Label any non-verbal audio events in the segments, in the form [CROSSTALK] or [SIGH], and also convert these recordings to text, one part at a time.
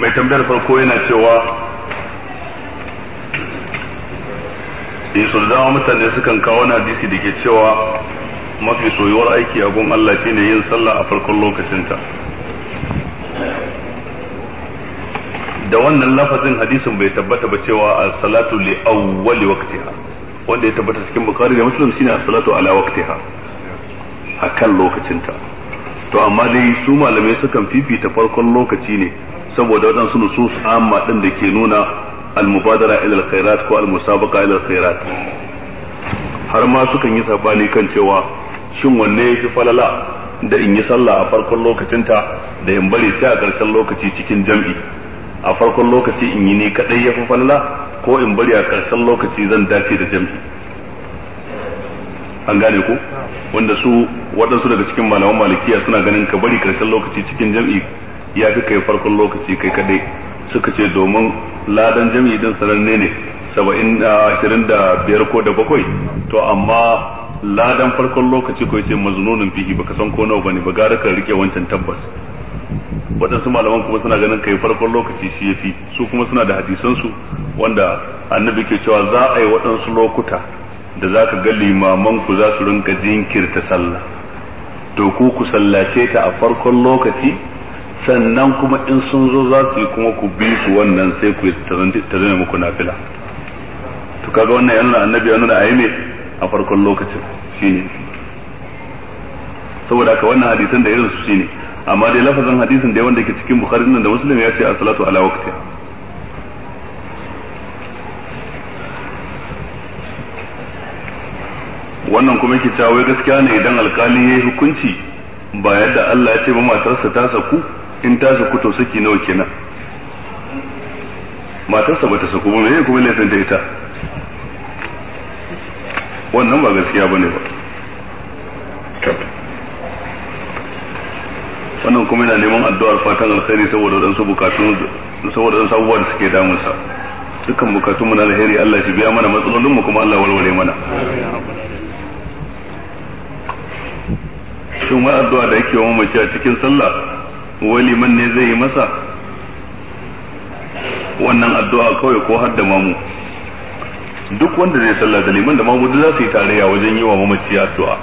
mai tambayar farko yana cewa isu eh, dama mutane sukan kawo na hadisi da ke cewa mafi soyuwar aiki a gun Allah shine yin sallah a farkon lokacinta da wannan lafazin hadisin bai tabbata ba cewa a salatu li awwali waqtiha wanda ya tabbata cikin bukari da muslim shine as-salatu ala waqtiha akan lokacinta to amma dai su malamai sukan fifita farkon lokaci ne saboda waɗansu nusus amma ɗin da ke nuna almubadara ila alkhairat ko almusabaqa ila alkhairat har ma sukan yi sabani kan cewa shin wanne yafi falala da in yi sallah a farkon lokacinta da in bari sai a ƙarshen lokaci cikin jam'i a farkon lokaci in yi ni kadai yafi falala ko in bari a ƙarshen lokaci zan dace da jam'i an gane ku wanda su waɗansu daga cikin malaman malikiya suna ganin ka bari ƙarshen lokaci cikin jam'i ya fi kai farkon lokaci kai kadai suka ce domin ladan jami'i din sananne ne saba'in ashirin da biyar ko da bakwai to amma ladan farkon lokaci ko ce mazununin fiki baka san ko nawa bane ba gara ka rike wancan tabbas waɗansu malaman kuma suna ganin kai farkon lokaci shi yafi su kuma suna da hadisansu su wanda annabi ke cewa za a yi waɗansu lokuta da za ka ga limaman ku za su rinka jinkirta sallah to ku ku sallace ta a farkon lokaci sannan kuma in sun zo za su yi kuma ku bi su wannan sai ku ta zama muku fila to kaga wannan yana annabi ya nuna ayi ne a farkon lokacin shine saboda ka wannan hadisan da irin su shine amma dai lafazin hadisin da wanda ke cikin bukhari nan da muslim ya ce as-salatu ala waqtiha wannan kuma ke cewa gaskiya ne idan alkali ya yi hukunci ba yadda Allah ya ce ba matarsa ta saku in ta zaku to saki nawa kenan matarsa bata saku ba me kuma laifin da ita wannan ba gaskiya bane ba wannan kuma yana neman addu'ar fatan alkhairi saboda wadansu bukatun saboda wadansu abubuwa da suke damunsa dukkan bukatun mu na alheri Allah ya biya mana matsalolin mu kuma Allah warware mana shin wani addu'a da yake wa mamaci a cikin sallah wai liman ne zai yi masa wannan addu'a kawai ko har da mamu duk wanda zai sallah da liman da mamu za su yi tarayya wajen yi wa mamaci addu'a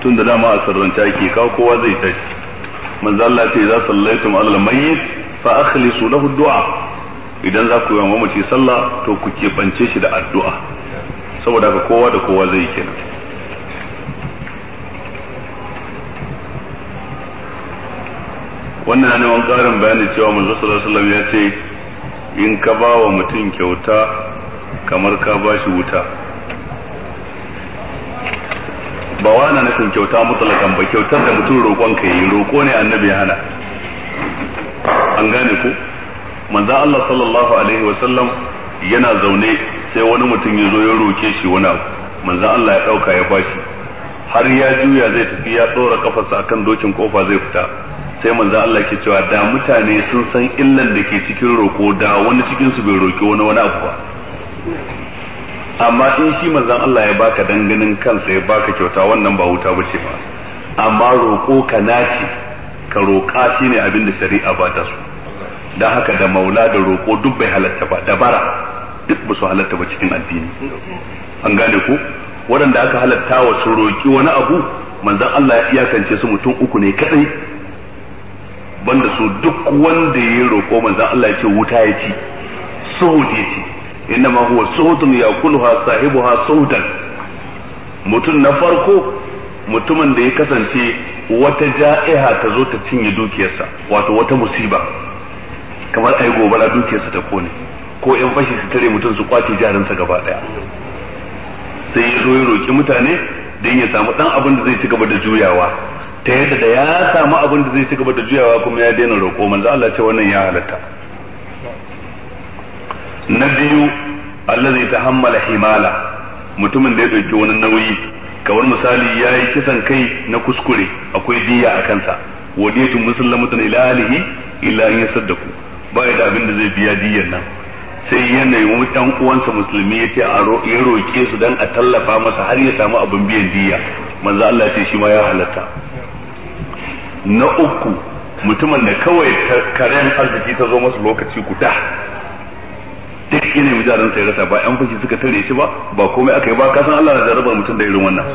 tun da dama a sirrance ake kawo kowa zai tashi manzo Allah ce za sallaitum alal mayyit fa akhlisu lahu du'a idan za ku yi wa mamaci sallah to ku ke bance shi da addu'a saboda haka kowa da kowa zai kenan wannan ne wani karin bayanin cewa manzo sallallahu alaihi ya ce in ka ba wa mutum kyauta kamar ka ba shi wuta ba wa na nufin kyauta mutalakan ba kyautar da mutum roƙon ka yi roƙo ne annabi ya hana an gane ku manzo Allah sallallahu alaihi wasallam yana zaune sai wani mutum ya zo ya roke shi wani abu manzo Allah ya dauka ya bashi har ya juya zai tafi ya tsora kafarsa akan dokin kofa zai fita sai manzo Allah ke cewa da mutane sun san illan da ke cikin roko da wani cikin su bai roki wani wani abu ba amma in shi manzan Allah ya baka danganin kansa ya baka kyauta wannan ba wuta bace ba amma roko ka naci ka roka shine abin da shari'a ba ta so dan haka da maula da roko duk bai halatta ba dabara duk ba su halatta ba cikin addini an gane ko waɗanda aka halatta wa su roki wani abu manzan Allah ya iyakance su mutum uku ne kadai banda su duk wanda ya roƙo manzon Allah ya ce wuta ya ci suhud ya ci ma huwa suhudun yakuluha sahibuha suhudan mutum na farko mutumin da ya kasance wata ja'iha ta zo ta cinye dukiyarsa wato wata musiba kamar ai gobara dukiyarsa ta kone ko yan fashi su tare mutum su kwace jarinsa gaba daya sai ya zo ya roki mutane don ya samu dan abin da zai ci gaba da juyawa ta yadda da ya samu abin da zai ci gaba da juyawa kuma ya daina roƙo manzo Allah ce wannan ya halatta na biyu ta hammala himala mutumin da ya dauki wani nauyi kamar misali ya yi kisan kai na kuskure akwai diya a kansa wadiyatun musallamatun ila alihi illa an yasaddaku ba ya da abin da zai biya diyan nan sai yanayin ɗan uwansa musulmi ya ce ya roƙe su dan a tallafa masa har ya samu abin biyan diya manzo Allah ce shi ma ya halatta na uku mutumin da kawai karen arziki ta zo masa lokaci guda duk yana yi jaran sai rasa ba yan fushi suka tare shi ba ba komai aka yi ba ka san Allah na jarabar mutum da irin wannan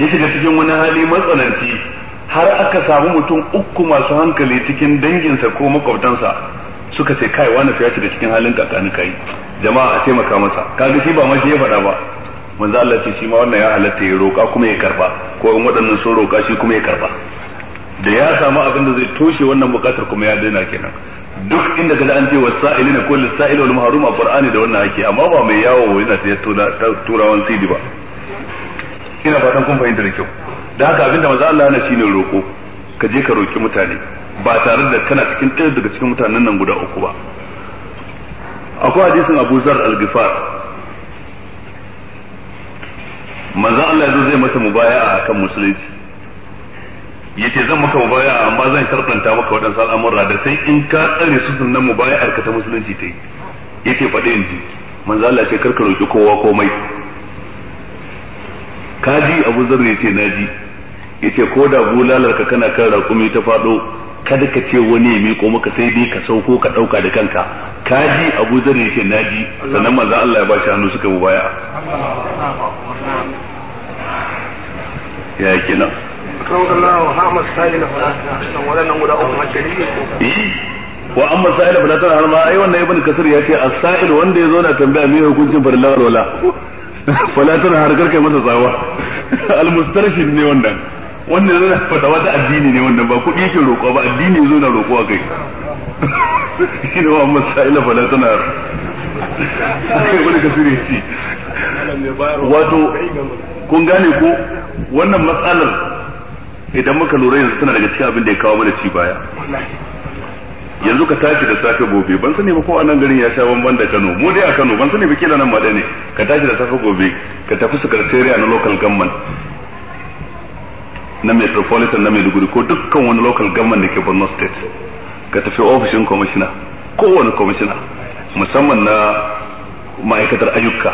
ya shiga cikin wani hali matsananci har aka samu mutum uku masu hankali cikin danginsa ko makwabtansa suka ce kai wani fiya da cikin halin kakani kai jama'a a taimaka masa kaga shi ba ma shi ya faɗa ba manzo Allah ce shi ma wannan ya halatta ya roƙa kuma ya karba ko in waɗannan sun roƙa shi kuma ya karba da ya samu abin da zai toshe wannan bukatar kuma ya daina kenan duk inda kaza an ce wasa'ili na kullu sa'il wal mahrum a qur'ani da wannan ake amma ba mai yawo yana sai turawan sidi ba ina fatan kun fahimta da kyau da haka abinda manzo Allah yana shine roko ka je ka roki mutane ba tare da kana cikin ɗaya daga cikin mutanen nan guda uku ba akwai hadisin Abu Zar al-Ghifar manzo Allah yazo zai masa mubaya'a akan musulunci yace zan maka mubaya amma zan sharɗanta maka waɗansu al'amura da sai in ka tsare su sunan mubaya'ar ka ta musulunci ta yi yace faɗi in ji manzo Allah ce karka roki kowa komai ka Abu Zarri yace na ji yace ko da bulalar ka kana kan raƙumi ta faɗo kada ka ce wani ya miƙo maka sai dai ka sauko ka ɗauka da kanka kaji ji Abu Zarri yace na ji sannan manzo Allah ya ba shi hannu suka mubaya ya kenan wa amma sa'ila fala tana harma ai wannan ibn kasir yace as-sa'il wanda yazo na tambaya me hukuncin farilla [LAUGHS] wala fala tana har karkai masa tsawa [LAUGHS] al-mustarshid ne wannan wannan yana fatawa ta addini ne wannan ba kuɗi yake roƙo ba addini yazo na roƙo kai [LAUGHS] shi wa amma sa'ila fala tana har ibn kasir yace wato kun gane ko wannan matsalar idan muka lura yanzu tana daga cikin abin da ya kawo mana ci baya yanzu ka tashi da safe gobe ban sani ba ko a nan garin ya sha bamban da Kano mu dai a Kano ban sani ba ke nan ma da ne ka tashi da safe gobe ka tafi karteriya na local government na metropolitan na Maiduguri ko dukkan wani local government da ke Borno state ka tafi ofishin commissioner kowane commissioner musamman na ma'aikatar ayyuka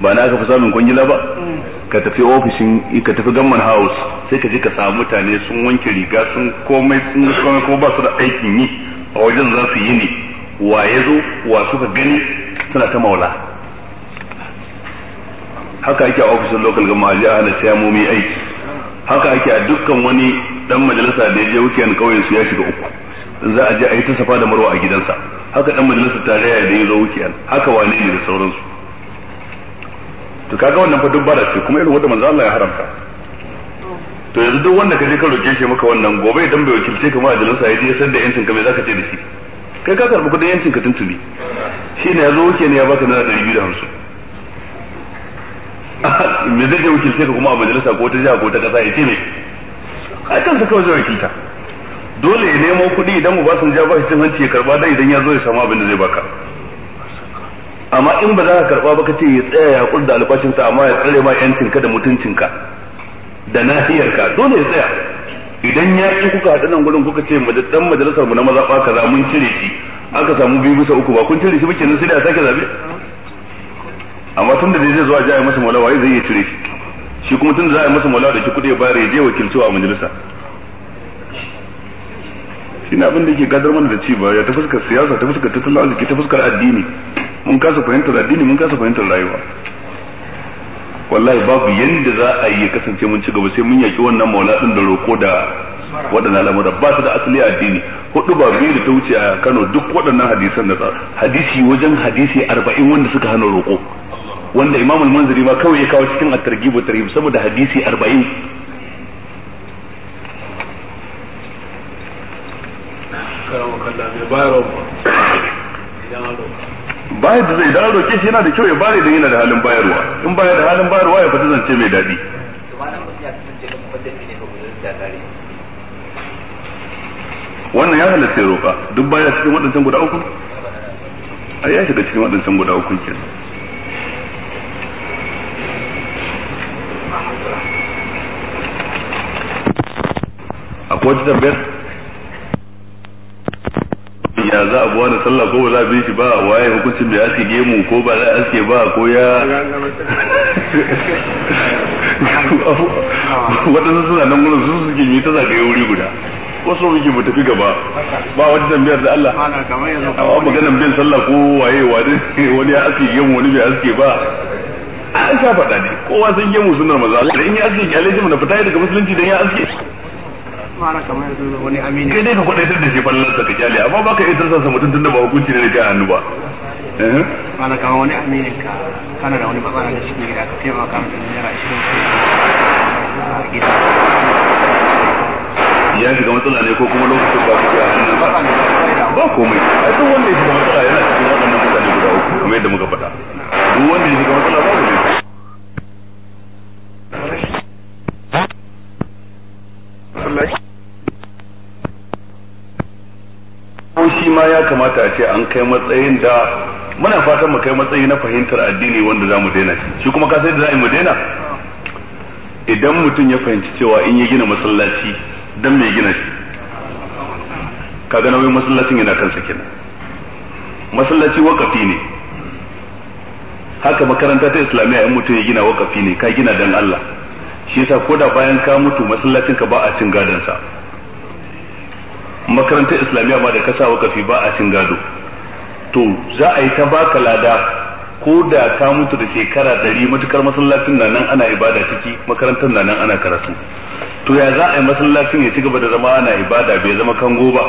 ba na aka fi samun kwangila ba mm. ka tafi ofishin ka tafi gamman house sai ka je ka samu mutane sun wanke riga sun komai sun komai ko ba su da aikin yi a wajen za su yi ne wa ya zo wa suka gani suna ta maula haka ake a ofishin local gama a hana siyamomi aiki haka ake a dukkan wani dan majalisa da ya je wukiyan kauyen su ya shiga uku za a je a yi ta safa da marwa a gidansa haka dan ta tarayya da ya zo wukiyan haka wane ne da sauransu to kaga wannan fa duk da ce kuma irin wanda manzo Allah ya haramta to yanzu duk wanda kaje ka roke shi maka wannan gobe idan bai wakilce ka ma ajalin sa yaji san da yancin ka me zaka ce da shi kai ka karbi kudin yancin ka tuntuni shine yazo wuce ne ya baka naira 250 [LAUGHS] me zai wakilce ka kuma a majalisa ko ta jiha ko ta kasa ya ce me ai kan kawai zai wakilta dole ya nemo kuɗi idan mu ba sun ja ba shi cin hanci ya karba dan idan ya zo ya samu abin da zai baka amma in ba za ka karba ba kace ya tsaya ya kurda albashin sa amma ya tsare ma yancin ka da mutuncin ka da nahiyar ka dole ya tsaya idan ya ci kuka hadu nan gurin kuka ce dan majalisar mu na mazaɓa kaza mun cire shi aka samu biyu bisa uku ba kun cire shi ba sai da sake zabe amma tun da zai zo a ayi masa mulawa zai iya cire shi shi kuma tun da za a yi masa mulawa da shi kuɗi ya ya je wakilci a majalisa ne abin da yake gadar mana da ci ba ya ta fuskar siyasa ta fuskar tattalin arziki ta fuskar addini mun kasa fahimtar addini mun kasa fahimtar rayuwa wallahi babu yanda za a yi kasance mun ci gaba sai mun yaki wannan maula din da roko da waɗannan al'amuran ba su da asali addini hudu ba biyu da ta wuce a Kano duk waɗannan hadisan da hadisi wajen hadisi arba'in wanda suka hana roko wanda Imam al-Munziri ma kawai ya kawo cikin at-targhib wa tarhib saboda hadisi arba'in. karawa kallabe bayarwa bayar da zai idan an roke shi yana da kyau ya bare da yana da halin bayarwa in baya da halin bayarwa ya fita zance mai daɗi wannan ya halatta roƙa duk baya cikin waɗancan guda uku ai ya shiga cikin waɗancan guda uku kenan akwai wata tambayar za a buwa da sallah ko ba za a bi shi ba waye hukuncin mai ake gemu ko ba za a aske ba ko ya waɗansu suna nan gudun su suke yi ta zagaye wuri guda wasu muke ba tafi gaba ba wata tambayar da Allah wa maganar bin sallah ko waye wani ya aske gemu wani bai aske ba an sha faɗa ne kowa sun gemu sunar maza da in ya aske kyale shi mu na fita daga musulunci don ya aske fara kamar wani amini kai dai ka kwadaitar da shi fallan sa ka kyale amma baka iya tarsa mutum tunda ba hukunci ne da hannu ba kana eh? kama wani aminin ka kana da wani matsala da shi ne ka taimaka masa naira ashirin a gida ya shiga matsala ne ko kuma lokacin ba kuke a hannun ba komai a duk wanda ya shiga matsala yana cikin waɗannan mutane guda uku kamar yadda muka faɗa duk wanda ya shiga matsala ba ya kamata a ce an kai matsayin da muna fatan mu kai matsayi na fahimtar addini wanda za mu daina shi kuma ka sai da za mu daina idan mutum ya fahimci cewa in ya gina masallaci dan me gina shi ga nauyin masallacin yana kan sakin masallaci wakafi ne haka makaranta ta islamiyya in mutum ya gina wakafi ne ka gina dan Allah shi yasa koda bayan ka mutu masallacin ka ba a cin gadon sa makarantar islamiyya ba da kasa wakafi ba a cin gado to za a yi ta baka lada ko da ka mutu da shekara dari matukar masallacin na nan ana ibada ciki makarantar na nan ana karatu to ya za a yi masallacin ya ci gaba da zama ana ibada bai zama kango ba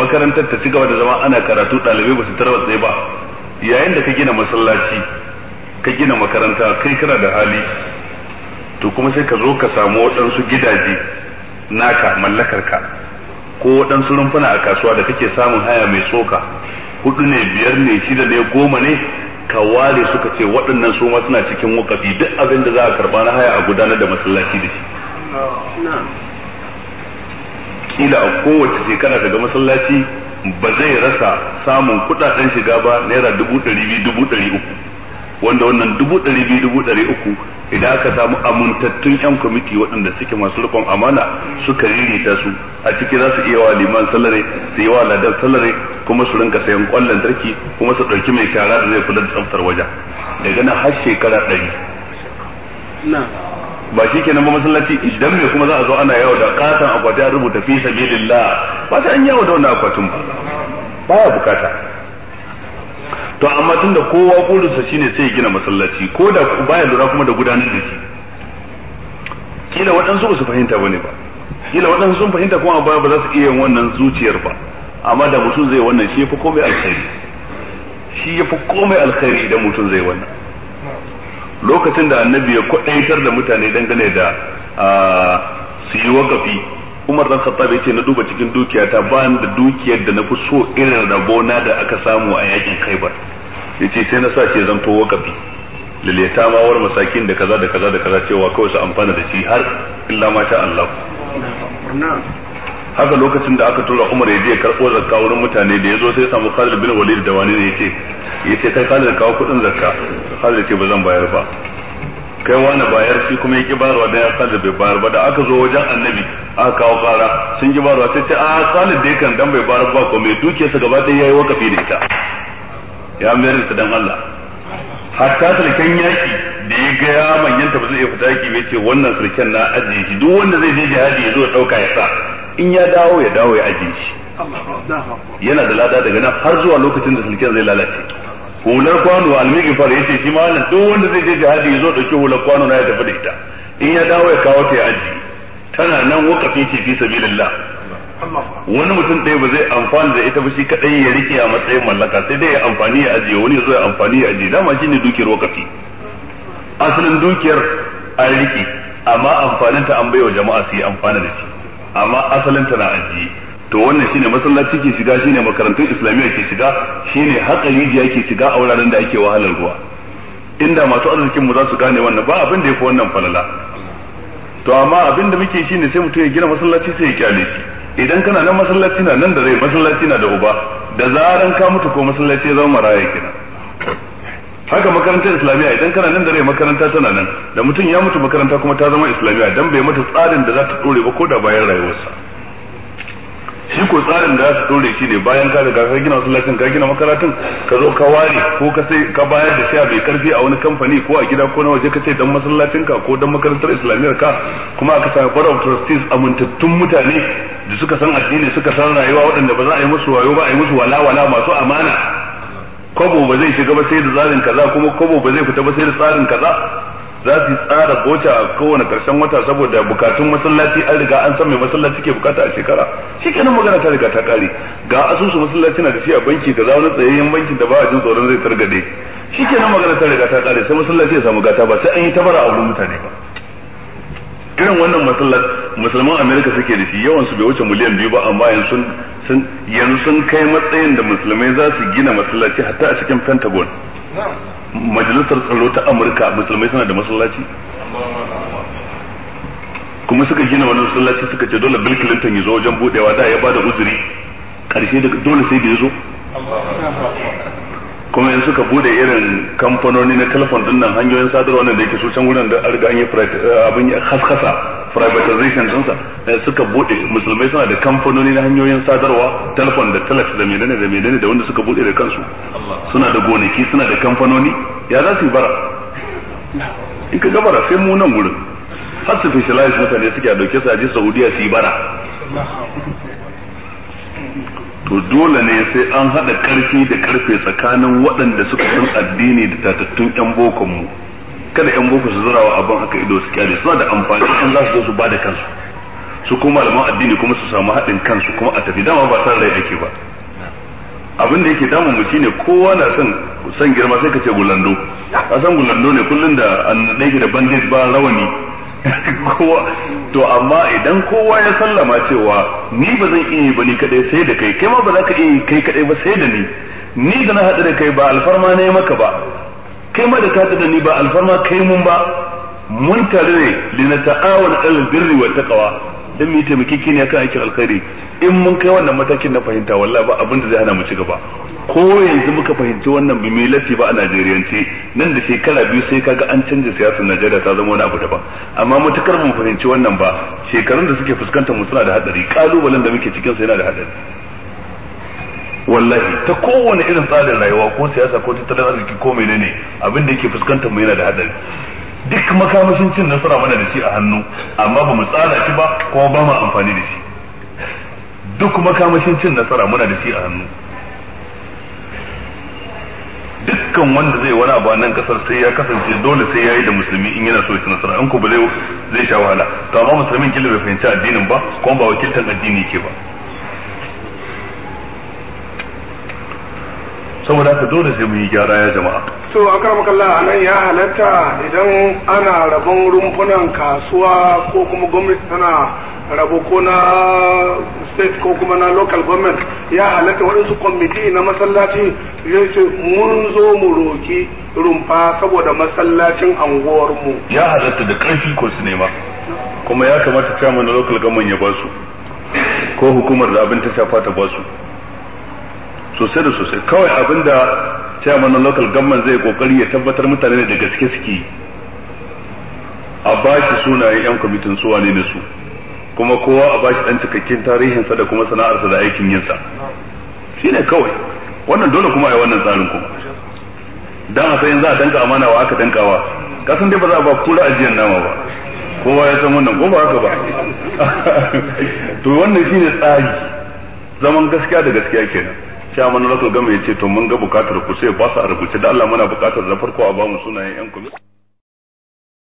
makarantar ta ci gaba da zama ana karatu ɗalibai ba su tarwatse ba yayin da ka gina masallaci ka gina makaranta kai kana da hali to kuma sai ka zo ka samu waɗansu gidaje naka mallakar mallakarka ko waɗansu rumfuna a kasuwa da kake samun haya mai tsoka hudu ne biyar ne shida ne goma ne ka ware suka ce waɗannan su ma suna cikin wakafi duk abin da za a karɓa na haya a gudanar da masallaci da shi kila a kowace shekara daga masallaci ba zai rasa samun kudaden shiga ba naira dubu ɗari biyu dubu ɗari uku wanda wannan dubu ɗari biyu dubu ɗari uku idan aka samu amintattun yan kwamiti waɗanda suke masu rikon amana suka ririta su a ciki za su iya wa liman salare su yi wa ladar salare kuma su rinka sayan kwallon tarki kuma su ɗauki mai kyara da zai kula da tsaftar wajen daga nan har shekara ɗari ba shi kenan ba masallaci idan mai kuma za a zo ana yawo da katon akwati a rubuta fi sabilillah ba sai an yawo da wani akwatin ba baya bukata to amma tunda kowa burinsa shine sai ya gina masallaci ko da baya lura kuma da gudanar da shi kila waɗansu ba su fahimta bane ba kila waɗansu sun fahimta kuma baya ba za su iya yin wannan zuciyar ba amma da mutum zai wannan shi yafi komai alkhairi shi yafi komai alkhairi idan mutum zai wannan lokacin da annabi ya kwadaitar da mutane dangane da ah, su yi wakafi Umar dan Khattab yace na duba cikin dukiyata ba ni da dukiyar da na fi so irin rabona da aka samu a yakin Khaibar yace sai na sa ce to wakafi lil ma war masakin da kaza da kaza da kaza cewa kawai su amfana da shi har illa ma ta Allah haka lokacin da aka tura Umar ya je karɓo zakka wurin mutane da yazo sai samu Khalid bin Walid da wani ne yace yace kai Khalid kawo kuɗin zakka Khalid ce ba zan bayar ba kai wani bayar shi kuma ya ki bayarwa dan ya da bai bayar ba da aka zo wajen annabi aka kawo kara sun ki bayarwa sai ce a salin da kan dan bai bayar ba ko mai sa gaba ɗaya yayi wakafi da ita ya mayar da dan Allah hatta sulken yaki da ya ga ya manyanta ba zai iya fita yaki bai ce wannan sulken na ajiye shi duk wanda zai je jihadi ya zo ya dauka ya sa in ya dawo ya dawo ya ajiye shi yana da lada daga nan har zuwa lokacin da sulken zai lalace hular kwano fara yace shi ma wannan duk wanda zai je jihadi ya zo dauki hular kwano na ya tafi da ita in ya dawo ya kawo ta ya aji tana nan wakafi ce fi sabilillah wani mutum ɗaya ba zai amfani da ita ba shi kadai ya rike a matsayin mallaka sai dai ya amfani ya ajiye wani ya zo ya amfani ya ajiye dama shine dukiyar wakafi asalin dukiyar an rike amma amfaninta an baiwa jama'a su yi amfani da shi amma asalin tana na ajiye to wannan shine masallaci ke shiga shine makarantun islamiyya ke shiga shine haƙa rijiya ke shiga a wuraren da ake wahalar ruwa inda masu arzikin mu za su gane wannan ba abin da yake wannan falala to amma abin da muke shine sai mutum ya gina masallaci sai ya kyale shi idan kana nan masallaci na nan da rai masallaci na da uba da zaran ka mutu ko masallaci ya zama maraya kenan haka makarantar islamiyya idan kana nan da rai makaranta tana nan da mutum ya mutu makaranta kuma ta zama islamiyya dan bai mata tsarin da za ta dore ba ko da bayan rayuwarsa shi ko tsarin da su dore shi ne bayan ka riga ka gina masallacin ka gina makaratun ka zo ka ware ko ka sai ka bayar da sha mai karfi a wani kamfani ko a gida ko na waje ka ce dan masallacin ka ko dan makarantar islamiyyar ka kuma aka sami board of trustees amintattun mutane da suka san addini suka san rayuwa waɗanda ba za a yi musu wayo ba a yi musu wala masu amana kwabo ba zai shiga ba sai da tsarin kaza kuma kwabo ba zai fita ba sai da tsarin kaza za su tsara goce a kowane karshen wata saboda bukatun masallaci an riga an san mai masallaci ke bukata a shekara shikenan magana ta riga ta kare ga asusu masallaci na da shi a banki ga zaune tsayayyen bankin da ba a jin tsoron zai targade shikenan magana ta riga ta kare sai masallaci ya samu gata ba sai an yi tabara a wurin mutane ba irin wannan masallaci musulman america suke da shi yawan su bai wuce miliyan biyu ba amma yanzu sun yanzu sun kai matsayin da musulmai za su gina masallaci hatta a cikin pentagon majalisar tsaro ta amurka musulmai suna da masallaci kuma suka gina wani masallaci suka ce dole bill clinton ya zo wajen budewa da ya bada uzuri karshe da dole sai ya zo kuma yanzu suka bude irin kamfanoni na telefon dinnan hanyoyin sadarwa nan da yake su can gudan da an yi eh, abin haskasa privatization dinsa eh, suka bude musulmai suna da kamfanoni na hanyoyin sadarwa telefon da telex da menene da menene da wanda suka bude da kansu suna da gonaki suna da kamfanoni ya za su yi bara in ka gabara sai mu nan gurin har su specialize mutane suke a dauke su a Saudiya su yi bara to dole ne sai an hada karfi da karfe tsakanin waɗanda suka san addini da tatattun yan bokon mu kada yan boko su zura wa abin haka ido su kyale suna da amfani in za su zo su bada kansu su kuma malaman addini kuma su samu haɗin kansu kuma a tafi dama ba tare rai ake ba abin da yake damun mu shine kowa na son san girma sai ka ce gulando a san gulando ne kullun da an dake da bandage ba rawani [LAUGHS] kowa to amma idan kowa ya sallama cewa ni ba zan iya ba ni kadai sai da kai kai ma ba za ka iya kai kadai ba sai da ni ni da na haɗu da kai ba alfarma ne maka ba kai ma da ka da ni ba alfarma kai mun ba mun tare ne li na ta'awun alal birri wa taqwa dan mu taimake ki ne akan aikin alkhairi in mun kai wannan matakin na fahimta wallahi ba abin da zai hana mu ci gaba ko yanzu muka fahimci wannan bi mai lati ba a ce nan da shekara biyu sai kaga an canza siyasar Najeriya ta zama wani abu daban amma matukar mu fahimci wannan ba shekarun da suke fuskantar mu suna da hadari kalubalen da muke cikin sa yana da hadari wallahi ta kowane irin tsarin rayuwa ko siyasa ko tattalin arziki ko menene abin da yake fuskantar mu yana da hadari duk makamashin cin nasara mana da shi a hannu amma ba mu tsara shi ba kuma ba mu amfani da shi duk makamashin cin nasara muna da shi a hannu dukkan wanda zai wani abu a nan kasar sai ya kasance dole sai ya yi da musulmi in yana so ya nasara in ku ba zai sha wahala to amma musulmin kila bai fahimci addinin ba kuma ba wakiltan addini ke ba saboda haka dole sai mun yi gyara ya jama'a to akramakallah anan ya halatta idan ana rabon rumfunan kasuwa ko kuma gwamnati tana rabo ko na state ko kuma na local government ya halatta waɗansu kwamiti na masallaci zai ce mun zo mu roki rumfa saboda masallacin anguwarmu ya halatta da ƙarfi ko su kuma ya kamata chairman na local government ya ba su. ko hukumar da abin ta shafa ta ba su. sosai da sosai kawai abinda chairman na local government zai kokari ya tabbatar mutane ne da gaske suke a bashi sunayen yan kwamitin su wane ne su kuma kowa a bashi dan cikakken tarihinsa da kuma sana'arsa da aikin yinsa shine kawai wannan dole kuma a yi wannan tsarin kuma dan a sayin za a danka amana wa aka dankawa kasan dai ba za a ba kura ajiyar nama ba kowa ya san wannan ko ba haka ba [LAUGHS] to wannan shine tsari zaman gaskiya da gaskiya kenan chairman local gama ya ce to mun ga bukatar ku sai ba su a rubuce da Allah muna bukatar na farko a ba mu sunayen yan kwamitin